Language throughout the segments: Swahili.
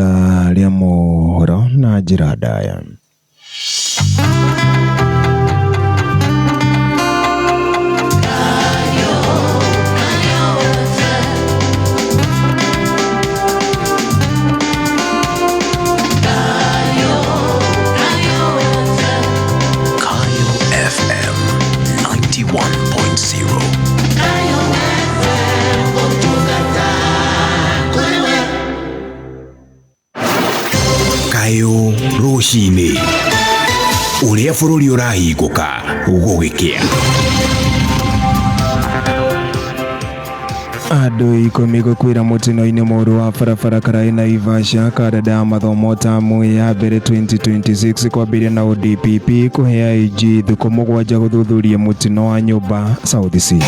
ihinda rĩa mohoro na njĩra ndaya rũcinĩ ũrĩa bũrũri ũrahingũka gũgĩkĩa andũ ikũmi gũkuĩra mũtino-inĩ mũũru wa barabara karaĩ na ivasha karenda ya mathomo tamu ya mbere 2026 kwambĩrĩria na odpp kũhe aig thikũ mũgwanja gũthuthuria mũtino wa nyũmba south sea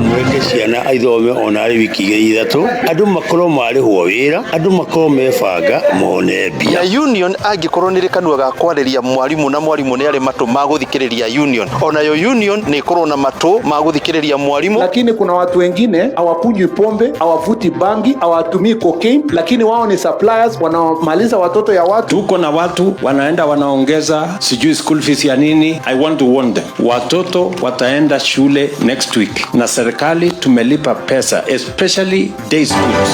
mweke ciana ithome onarä wiki igä ithatå andå makorwo marä hwo wä ra andå makorwo mebanga mone mbia na union angĩkorwo nä rä kanua ga kwarä mwarimå na mwarimå nä arä matå magå thikä rä ria union onayo union nä ĩkorwo na matå magå thikä rä ria mwarimå lakini kuna watu wengine hawakunywi pombe hawavuti bangi hawatumii cocaine lakini wao ni suppliers wanaomaliza watoto ya watu tuko na watu wanaenda wanaongeza sijui school fees ya nini i want to warn them watoto wataenda shule next week na serikali tumelipa pesa especially day schools.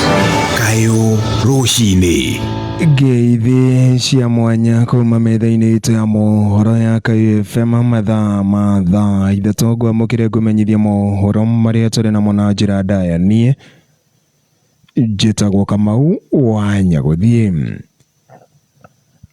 Kayo Rohini ngeithi cia mwanya kuma metha-inĩ itũ ya mohoro ya Kayo FM mathaa ma thaa ithatũ ngwamũkĩre ngũmenyithia mohoro marĩa tũrĩ namo na njĩra ndaya niĩ njĩtagwo Kamau wa Nyagũthiĩ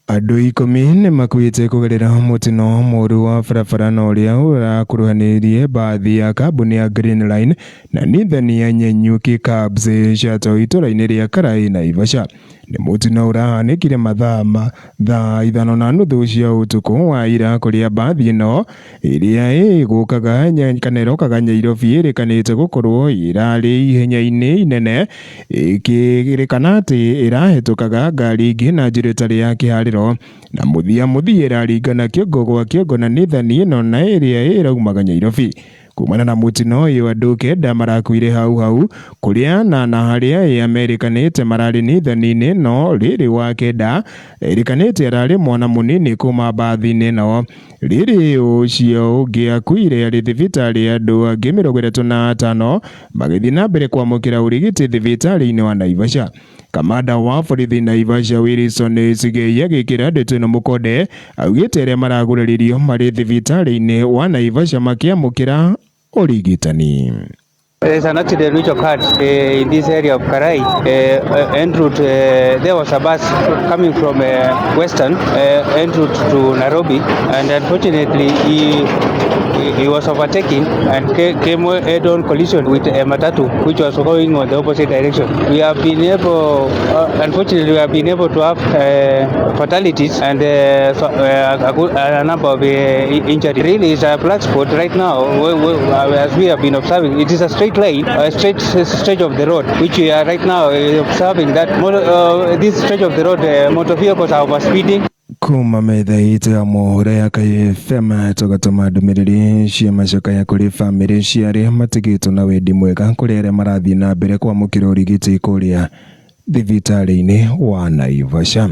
andå ikå mi nä makuĩte kũgerera mũtino mũru wa barabara na ũrĩa ũrakuruhanĩirie mbathi ya kambuni ya Green Line na nithani ya Nyenyuki Cabs inä rä a karaä na ibaca nä må na å rahanä kire mathama thaa ithano na nuthu cia utuku wa ira kå rä a mbathi ĩno ĩrĩa ĩgå kaga kana ĩrokaga nyairobi ĩrĩkanĩte gũkorwo ĩrarĩ ihenya-inĩ inene ĩkĩrĩkana atĩ ĩrahĩtũkaga ngari ingĩ na njĩra ĩtarĩ ya kĩharĩro na mũthia mũthia ĩraringana kĩongo gwa kĩongo na nithani ino na ĩrĩa ĩraumaga nyairobi kumana na mutino uyu andu kenda marakuire hau hau kuria anana haria amerikanite marari nithani-ini no riri wa kenda erikanite arari mwana munini kuma mbathi-ini no riri ucio ungi akuire ari thibitari andu angi mirongo itatu na atano magithii na mbere kwamukira urigiti thibitari-ini wa Naivasha kamada wa borithi Naivasha Wilson Sigeiya Gikira ndete na mukonde augite aria maraguriririo mari thibitari-ini wa Naivasha makiamukira urigitani There is an accident which occurred uh, in this area of Karai. Uh, en route, uh, there was a bus coming from uh, Western, uh, en route to Nairobi, and unfortunately he he was overtaking and came head on collision with a Matatu, which was going on the opposite direction. We have been able, uh, unfortunately, we have been able to have uh, fatalities and uh, so, uh, a, good, a, number of uh, injuries. Really, it's a black spot right now, we, we, uh, as we have been observing. It is a straight line, a straight stretch of the road, which we are right now observing that this stretch of the road, motor vehicles are overspeeding. kuma metha itu ya mohoro ya kai fm tugatuma ndumiriri cia macoka ya kuri bamĩrĩ cia aria matigitwo na wendi mwega kuri aria marathii na mbere kwamũkĩra ũrigiti kuria thibitarĩ-inĩ wa Naivasha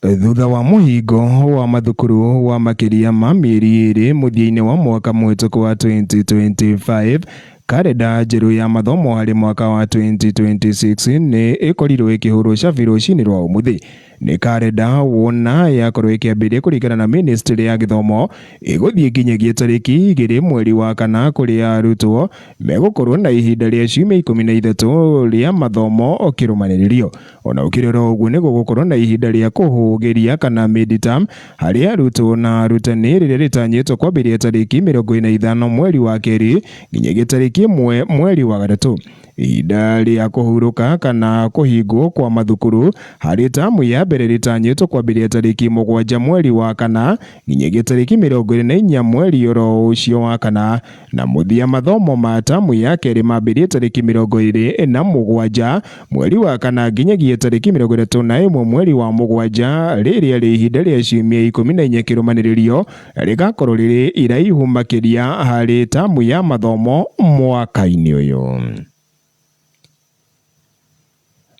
thutha wa mũhingo wa mathukuru wa makĩria ma mĩeri iri mũthia ini wa mwaka mũhĩtũku wa 2025 kareda njerũ ya mathomo harĩ mwaka wa 2026 nĩ ĩkorirwo ĩkĩhũrwo cabi rũcinĩ rwa ũmũthĩ ni karenda wona ya korwo ikiambiria kuringana na ministry ya githomo iguthii nginyagia tariki igiri mweri wa kana kuria arutwo megukorwo na ihinda ria ciumia ikumi na ithatu ria mathomo okirumanirio ona ukirora uguo ni gugukorwo na ihinda ria kuhugiria kana midterm hari arutwo na arutani riria ritanyitwo kwambiria tariki mirongo ina ithano mweri wa keri nginyagia tariki imwe mweri wa gatatu ihinda rĩa kũhurũka kana kũhingwo kwa mathukuru harĩ tamu ya mbere rĩtanyĩtwo kwambĩrĩria tarĩki mũgwanja mweri wa kana nginyagia tarĩki mĩrongo ĩrĩ na inya mweri oro ũcio wa kana na mũthia mathomo ma tamu ya kerĩ mambĩrĩrie tarĩki mĩrongo ĩrĩ na mũgwanja mweri wa kana nginyagia tarĩki mĩrongo ĩtatũ na ĩmwe mweri wa mũgwanja rĩrĩa rĩ ihinda rĩa ciumia ikũmi na inya kĩrũmanĩrĩrio rĩgakorwo rĩrĩ iraihu makĩria harĩ tamu ya mathomo mwaka-inĩ ũyũ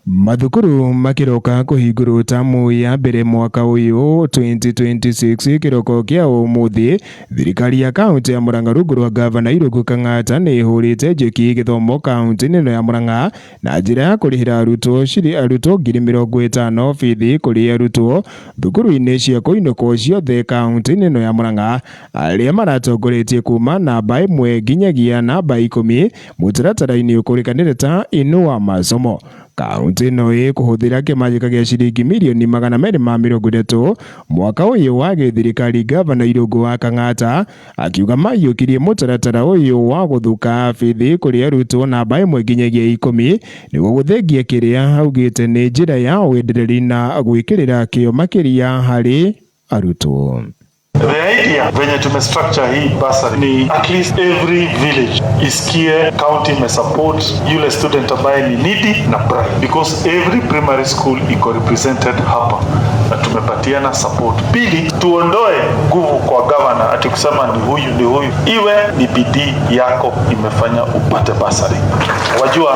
mathukuru makiroka kuhingurwo tamu ya mbere mwaka uyu 2026 kiroko kia umuthi thirikari ya kaunti ya Murang'a rungu rwa gavana Irungu Kang'ata ni ihurite njeki githomo kaunti-ini ya Murang'a na njira ya kurihira arutwo ciri arutwo ngiri mirongo itano bithi kuri arutwo thukuru-ini cia kuinukwo ciothe kaunti-ini ino ya Murang'a aria maratongoretie kuma namba imwe nginyagia namba ikumi mutaratara-ini ukurikanire ta inua masomo kaunti no ikuhuthira kimajika gia ciringi mirioni magana meri ma mirongo itatu mwaka uyu wa githirikari gavana irungu wa Kang'ata akiuga maiyukirie mutaratara uyu wa guthuka bithi kuri arutwo namba imwe nginyagia ikumi niguo guthengia kiria augite ni njira ya wendereri na gwikirira kio makiria hari arutwo The idea venye structure hii bursary ni at least every village isikie county support yule student ambaye ni needy na bright, because every primary school iko represented hapa na tumepatiana support. Pili, tuondoe nguvu kwa governor ati kusema ni huyu ni huyu, iwe ni bidii yako imefanya upate bursary. Wajua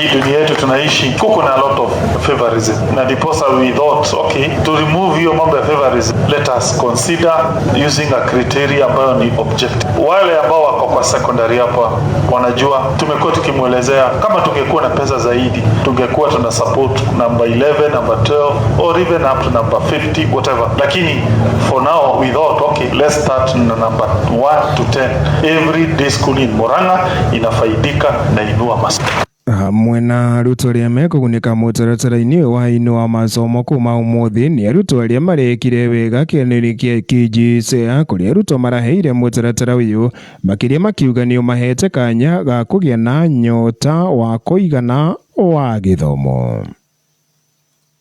hii dunia yetu tunaishi kuko na lot of favorism, na ndiposa we thought okay, to remove hiyo mambo ya favorism, let us consider using a criteria ambayo ni objective. Wale ambao wako kwa secondary hapa wanajua, tumekuwa tukimwelezea kama tungekuwa na pesa zaidi tungekuwa tuna support number 11 number 12 or even up to number 50 whatever, lakini for now we thought okay let's start na number 1 to 10. Every day school in Murang'a inafaidika na Inua masomo hamwe na arutwo aria mekugunika mutaratara-ini wa-ini wa mathomo kuma umuthi ni arutwo aria marekire wega kianiri kia KJCEA kuria arutwo maraheire mutaratara uyu makiria makiuga ni umahete kanya ga kugia na nyota wa kuigana wa githomo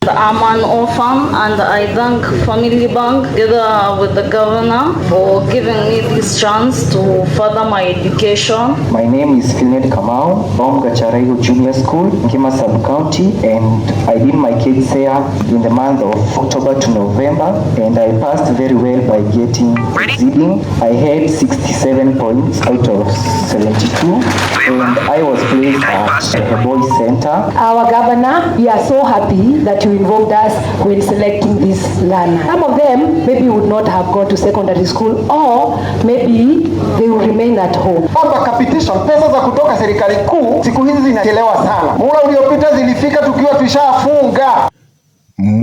I'm an orphan and I thank Family Bank together with the governor for giving me this chance to further my education. My name is Filnet Kamau from Gacharayo Junior School, Ngima Sub-County and I did my kids there in the month of October to November and I passed very well by getting seeding. I had 67 points out of 72 and I was placed at the boys center. Our governor, we are so happy that you. involved us when selecting this learner. Some of them maybe would not have gone to secondary school or maybe they will remain at home. Wakapitishwa pesa za kutoka serikali kuu, siku hizi zinachelewa sana. mura uliopita zilifika tukiwa tushafunga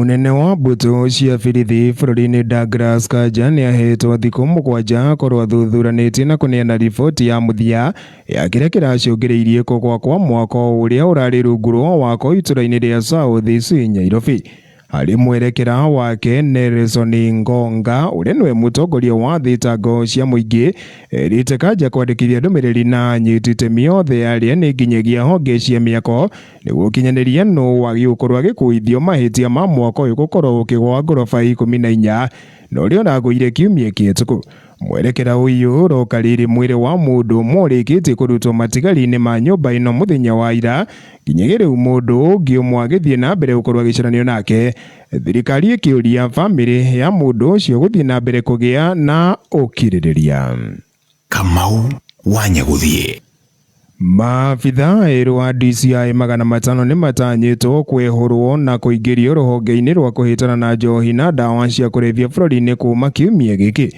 munene wa mbutu cia birithi bururi-ini Douglas Kanja ni ahetwo thiku mugwanja akorwo athuthuranitie na kuneana riboti ya muthia ya kiria kiracungiriirie kugwa kwa mwako uria urari rungu rwa wako itura-ini ria South si Nyairobi harĩ mwerekera wake Nelson Ngonga uria niwe mutongoria wa thitango cia muingi erite Kanja kwandĩkithia ndũmĩrĩri na anyiti itemi othe aria nĩ nginyagia honge cia mĩako nĩguo ũkinyanĩria nũ wagĩũkorwo agĩkũithio mahĩtia ma mwaka ũyũ gũkorwo ũkĩgwa ngoroba ikũmi na inya na ũrĩa ũragũire kiumia kĩhĩtũku mwerekera uyu urokarire mwiri wa mundu morikitie kurutwo matigari-ini ma nyumba ino muthenya wa ira nginyagia riu mundu ungi umwe agithie na mbere gukorwo agiceranio nake thirikari ikiuria famiri ya mundu ucio guthie na mbere kugia na ukiririria Kamau wa Nyaguthie maabitha erũ a DCI magana matano nä matanyĩtwo kwehorwo na rå honge-inä rwa tana na njohi na ndawa cia kũrebia bũrũri-inĩ kuuma kiumia kä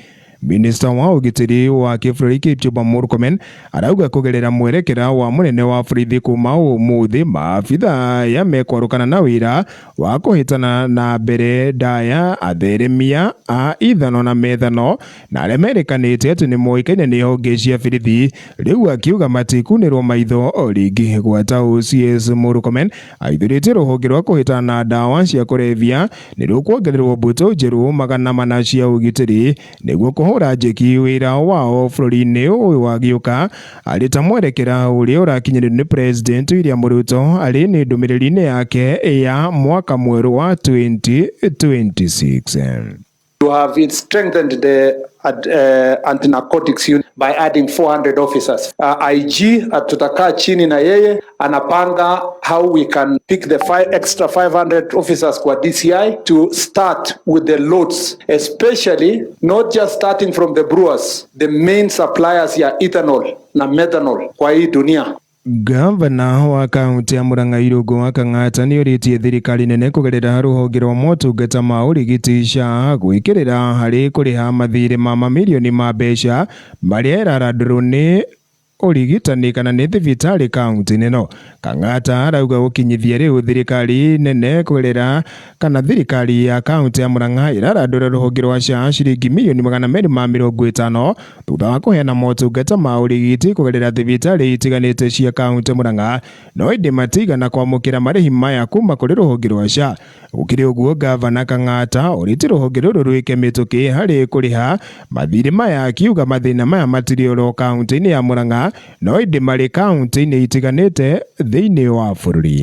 minisita wa ugitiri wa kibũrũri Kipchumba Murkomen arauga kugerera mwerekera wa munene wa borithi kuma umuthi maabitha ya mekwarukana na wira wa kuhitana na mbere ndaya atheremia a ithano na methano na aria merikanite ati ni moikaine ni honge cia borithi riu akiuga matikunirwo maitho ringi gwata OCS Murkomen aithurite ruhonge rwa kuhitana na ndawa cia kurebia ni rukwongererwo mbuto njeru magana mana cia ugitiri niguo hura njeki wira wao bururi-ini uyu wagiuka ta mwerekera uria urakinyiririo ni president William Ruto ari ni ndumiriri-ini yake ya mwaka mweru wa 2026 to have it strengthened the uh, anti-narcotics unit by adding 400 officers. Uh, IG uh, tutakaa chini na yeye anapanga how we can pick the five extra 500 officers kwa DCI to start with the loads especially not just starting from the brewers the main suppliers ya ethanol na methanol kwa hii dunia Gavana wa kaunti ya Murang'a Irungu wa Kang'ata nä årä thirikari nene kågerera rũhonge rwa motungata ma ũrigiti SHA gwĩkĩrĩra harĩ kũrĩha mathirĩ ma mamirioni ma mbeca marĩa eraradrwo nĩ ũrigitani kana nĩ thibitarĩ kaunti-inĩ no Kang'ata arauga gũkinyithia rĩu thirikari nene kwĩrĩra kana thirikari ya kaunti ya Murang'a ĩrarandũra rũhonge rwa SHA ciringi mirioni magana merĩ ma mĩrongo ĩtano thutha wa kũheana motungata ma ũrigiti kũgerera thibitarĩ itiganĩte cia kaunti Murang'a no ĩndĩ matigana kwamũkĩra marĩhi maya kuma kũrĩ rũhonge rwa SHA gũkĩrĩ ũguo gavana Kang'ata ũrĩti rũhonge rũrũ ruike mĩtũkĩ harĩ kũrĩha mathirĩ maya akiuga mathĩna maya matirĩ oro kaunti-inĩ ya Murang'a no indi marĩ kaunti-inĩ itiganĩte thĩinĩ wa bũrũri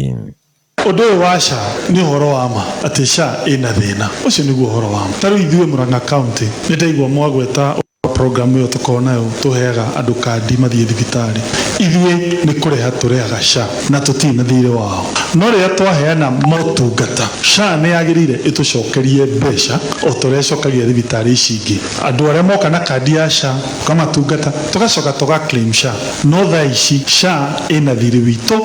undu uyu wa SHA ni uhoro wa ma ati SHA ina thina ucio niguo uhoro wa ma ta riu ithuĩ Murang'a kaunti ni ndaigua mwagweta programu ĩyo tũkoragwo nayo tũheaga andũ kandi mathiĩ thibitarĩ ithuĩ nĩ kũrĩha tũrĩhaga SHA na tũtirĩ na thiirĩ wao no rĩrĩa twaheana motungata SHA nĩ yagĩrĩire ĩtũcokerie mbeca o ta ũrĩa ĩcokagia thibitarĩ ici ingĩ andũ arĩa moka na kandi ya SHA tũkamatungata tũgacoka claim SHA no thaa ici SHA ĩna thiirĩ witũ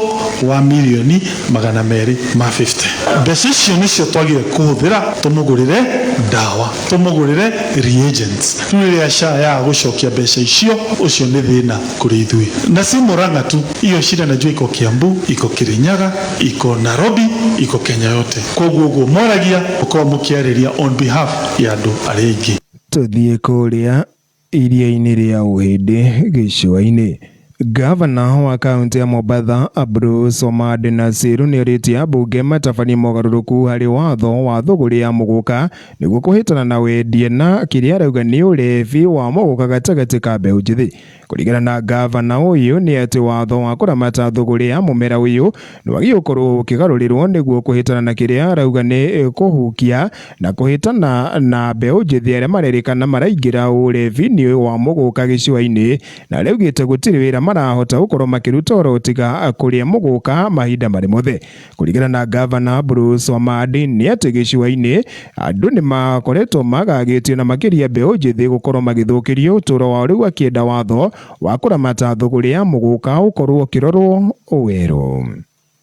wa mirioni magana merĩ ma 50 mbeca icio nĩcio twagĩrĩire kũhũthĩra tũmũgũrĩre ndawa tũmũgũrĩre reagents rĩu rĩrĩa SHA ya gũcokia mbeca icio ũcio nĩ thĩna kũrĩ ithuĩ na Murang'a tu. Hiyo shida najua iko Kiambu, iko Kirinyaga, iko Nairobi, iko Kenya yote koguo guo moragia mukorwo mukiariria on behalf ya andu aria aingi tuthie kuria iria-inĩ rĩa ũhĩndĩ gĩcũa-inĩ Gavana wa kaunti ya Mobatha Abdul Somad Nasiru nĩoritie ambunge matabanie mogarũrũku harĩ watho wa thũgũrĩ ya mũgũka nĩguo kũhĩtana na wendie na kĩrĩa arauga nĩ ũrebi wa mũgũka gatagatĩ ka mbeũ njĩthĩ kũringana na gavana ũyũ nĩ atĩ watho wa kũramata thũgũrĩ ya mũmera ũyũ nĩwagiĩ gũkorwo ũkĩgarũrĩrwo nĩguo kũhĩtana na kĩrĩa arauga nĩ kũhukia na kũhĩtana na mbeũ njĩthĩ arĩa marerĩkana maraingĩra ũrebi-inĩ wa mũgũka gĩcũa-inĩ na rĩaugĩte gũtirĩ wĩra marahota gukorwo makiruta orotiga kuria muguka mahinda mari mothe kuringana na gavana Bruce Wamadi ni ati giciwa-ini andu ni makoretwo magagitio na makiria mbeu njithi gukorwo magithukirio uturo wao riu akienda watho wa kuramata thuguri ya muguka ukorwo ukirorwo Owero.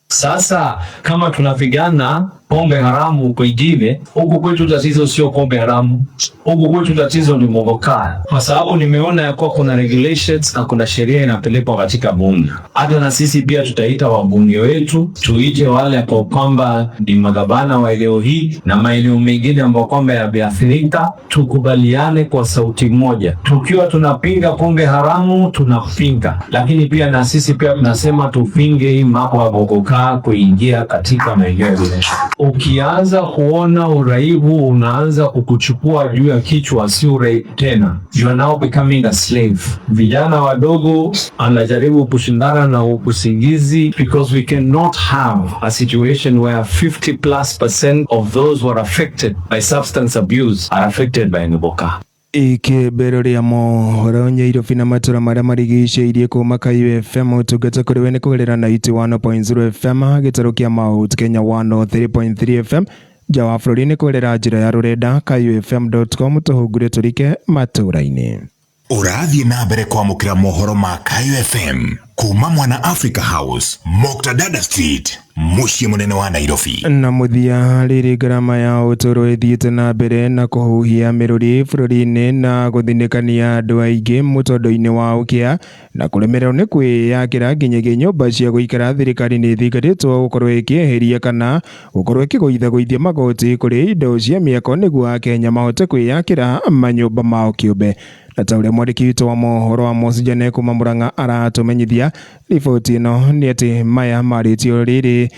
Sasa kama tunapigana pombe haramu kwingine. Huku kwetu tatizo sio pombe haramu, huku kwetu tatizo ni mogokaa, kwa sababu nimeona ya kuwa kuna regulations na kuna sheria inapelekwa katika bunge. Hata na sisi pia tutaita wabunge wetu, tuite wale kwa kwamba ni magavana wa eneo hii na maeneo mengine ambao kwamba yameathirika, tukubaliane kwa sauti moja, tukiwa tunapinga pombe haramu tunapinga, lakini pia na sisi pia tunasema tupinge hii mambo ya mogokaa kuingia katika maeneo yetu ukianza kuona uraibu unaanza kukuchukua juu ya kichwa, si uraibu tena, you are now becoming a slave. Vijana wadogo anajaribu kushindana na ukusingizi because we cannot have a situation where 50 plus percent of those who are affected by substance abuse are affected by Niboka ikĩmbero rĩa mohoro nyairobi na matũra marĩa marigicĩirie kuuma kaiũ fm ũtungata kũrĩ we nĩ iti 1.0 fm gĩtarũ kĩa maut kenya 103.3 fm nja wa bũrũri nĩ kũgerera njĩra ya rũrenda kaiũ fm.com tũhungure tũrike matura inĩ ũrathiĩ na mbere kwamũkĩra mohoro ma kaiũ fm Kumamwa na Africa House Mokta Dada Street muciĩ munene wa Nairobi na muthia rĩrĩ ngarama ya utoro ithiĩte na mbere na kũhuhia mĩrũri bũrũri-inĩ na gũthinĩkania andũ aingĩ mũtondo-inĩ wa ũkĩa na kũremererwo nĩ kwĩyakĩra nginyagia nyũmba cia gũikara thirikari nĩ ĩthingatĩtwo gũkorwo ĩkĩeheria kana gũkorwo ĩkĩgũithagũithia magoti kũrĩ indo cia mĩako nĩguo akenya mahote kwĩyakĩra manyũmba mao kĩũmbe na ta ũrĩa mwandĩki witũ wa mohoro Amos Jane kuma Murang'a aratumenyithia riboti no nĩ atĩ maya marĩtio rĩrĩ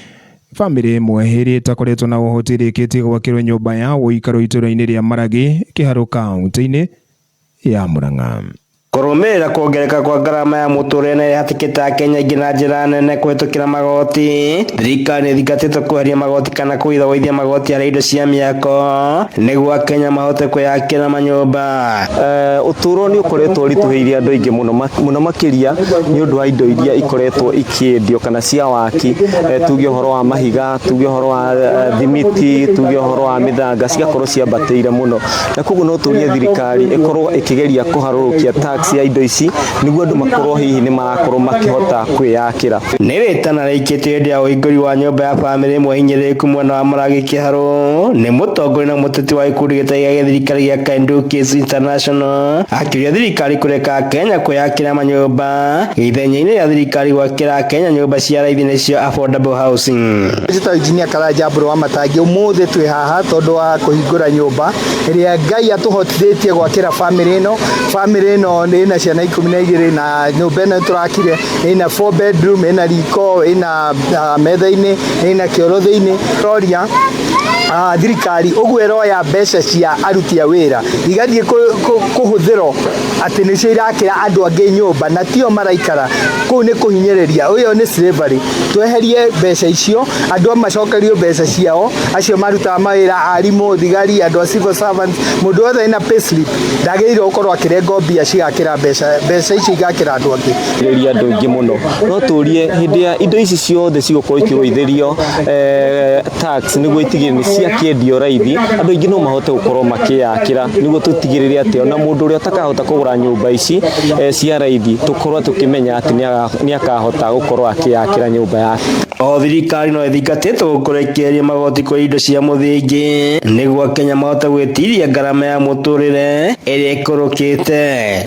bamĩrĩ ĩmwe ĩrĩa ĩtakoretwo na ũhoti rĩkĩtie gwakĩrwo nyũmba ya ũikaro itũra-inĩ rĩa Maragi kĩharo kaunti-inĩ ya Murang'a Kũrũmĩrĩra kuongerereka kwa ngarama ya mũtũrĩre nĩĩhatĩkĩte akenya aingĩ na njĩra nene kũhetũkĩra magoti thirikari nĩĩthingatĩte kweheria magoti kana kũgũithia magoti harĩ indo cia mĩako nĩguo akenya mahote kwĩyakĩra manyũmba uturo eh, ni ũkoretwo ũritũhĩire andũ aingĩ mũno mũno makĩria nĩũndũ wa indo iria ikoretwo ikĩendio kana cia waki eh, tuge horo wa mahiga tuge horo wa eh, thimiti tuge horo wa mĩthanga cigakorwo ciambatĩire muno na koguo no tũrie thirikari ĩkorwo ĩkĩgeria kũharũrũkia tax ya indo ici niguo andu makorwo hihi ni marakorwo makihota kwiyakira ni witana rikitio hindi ya uinguri wa nyumba ya family mwehinyiriku mwena wa Murang'i Kiharũ ni mũtongoria na mũteti wa gikundi gĩtarĩ gĩa gĩthirikari gĩa Kaindo Kids International akiuria thirikari kũreka Akenya kwĩyakĩra manyũmba ithenya-inĩ rĩa thirikari gwakĩra kenya nyũmba cia raithi nĩcio affordable housing. Njĩta injinia Karanja Mbũrũ wa Matangi ũmũthĩ twĩ haha tondũ wa kũhingũra nyũmba ĩrĩa Ngai atũhotithĩtie gwakĩra bamĩrĩ ĩno bamĩrĩ ĩno nĩ na ciana ikũmi na rä na nyũmba ĩno tũrakire nĩ ĩna four bedroom na riko ĩna ah, metha kä oro thä -inä roria thirikari uguo iroya mbeca cia aruti a wĩra igathiĩ kũhũthĩrwo atĩ nĩcio irakĩra andũ angĩ nyũmba na tio maraikara kũu nĩ kũhinyĩrĩria ũyũ nĩ slavery tweherie mbeca icio andũ macokerio mbeca ciao acio marutaga mawĩra arimũ thigari andũ a civil servants mũndũ wothe ena payslip ndagĩrĩirwo gũkorwo akĩrengwo mbia cigakĩra mbeca mbeca icio igakĩra andũ angĩ rĩria andũ aingĩ mũno no tũrie hĩndĩ ya indo ici ciothe cigũkorwo ikĩgũithĩrio eh, tax nĩguo itigĩrĩre ciakĩendio raithi andu aingĩ no mahote gũkorwo makĩyakĩra nĩguo tũtigĩrĩre ati ona mũndũ ũrĩa ũtakahota kugura nyumba ici eh, cia raithi tũkorwo tũkĩmenya atĩ nĩ akahota gũkorwo akĩyakĩra nyumba yake oho thirikari no ĩthingatĩtwo gũkorwo ĩkĩeheria magoti kwa indo cia muthingi nĩguo kenya mahote gwĩtiria ngarama ya muturire ĩrĩa ĩkũrũkĩte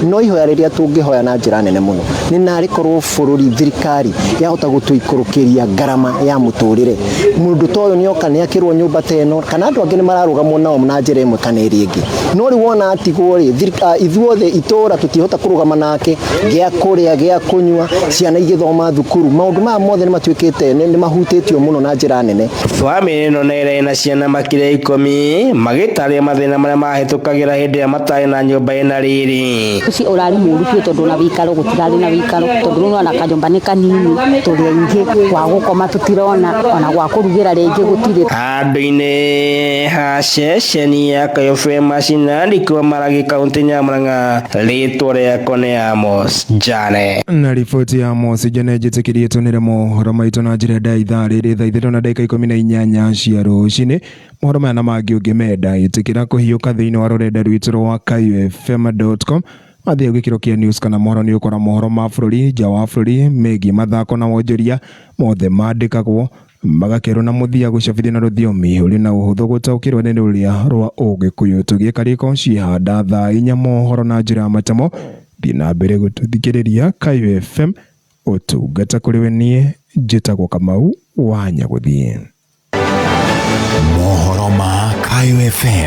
no ihoya rĩrĩa hoya na njĩra nene mũno nĩ narĩ korwo bũrũri thirikari yahota gutuikurukiria ngarama ya muturire mundu ta ũyũ nĩoka nĩakĩrwo nyũmba tena eno kana andu angi nimararugamwo nao na njira mwe kana iria ingi no riu wona atigwo ri ah, ithuothe itora tutihota kurugama nake gia kuria gia kunywa ciana igithoma thukuru maundu maya mothe nimatuikite nimahutitio muno na njira nene family ino nere na ciana makiria ikumi magitaria mathina maria mahitukagira hindi ya matari na nyumba ina riri ucio urari muru biu tondu na wikaro gutirari na wikaro tondu no na kanyumba ni kanini turi aingi wa gukoma tutirona ona gwa kurugira ringi gutire andu-ini haceceni ya KFM mashinandikirwo Maragi kaunti Nyamurang'a ritwa riakwa ni Amos Njane na riboti ya Amos Njane njitikirie tunire mohoro maitu na njira nda ithaa riri thaa ithatũ na ndagĩka ikũmi na inyanya cia rũcinĩ mohoro maya na mangĩ ũngĩmenda ĩtĩkĩra kũhiũka thĩinĩ wa rũrenda rwitũ rwa kfm.com mathiĩ gĩkĩro kia news kana mohoro nĩ ũkora mohoro ma bũrũri nja wa bũrũri megiĩ mathako na wonjoria mothe mandĩkagwo magakerwo na muthia gucabithia na rũthiomi ũrĩ na ũhũthũ gũtaũkĩrwo nĩ rũrĩa rwa ũgĩkũyũ tũgĩka rĩko cihanda thaa inya mohoro na njĩra ya matamo thiĩ na mbere gũtũthikĩrĩria Kayo FM ũtungata kũrĩ we niĩ njĩtagwo Kamau wa Nyagũthiĩ mohoro ma Kayo FM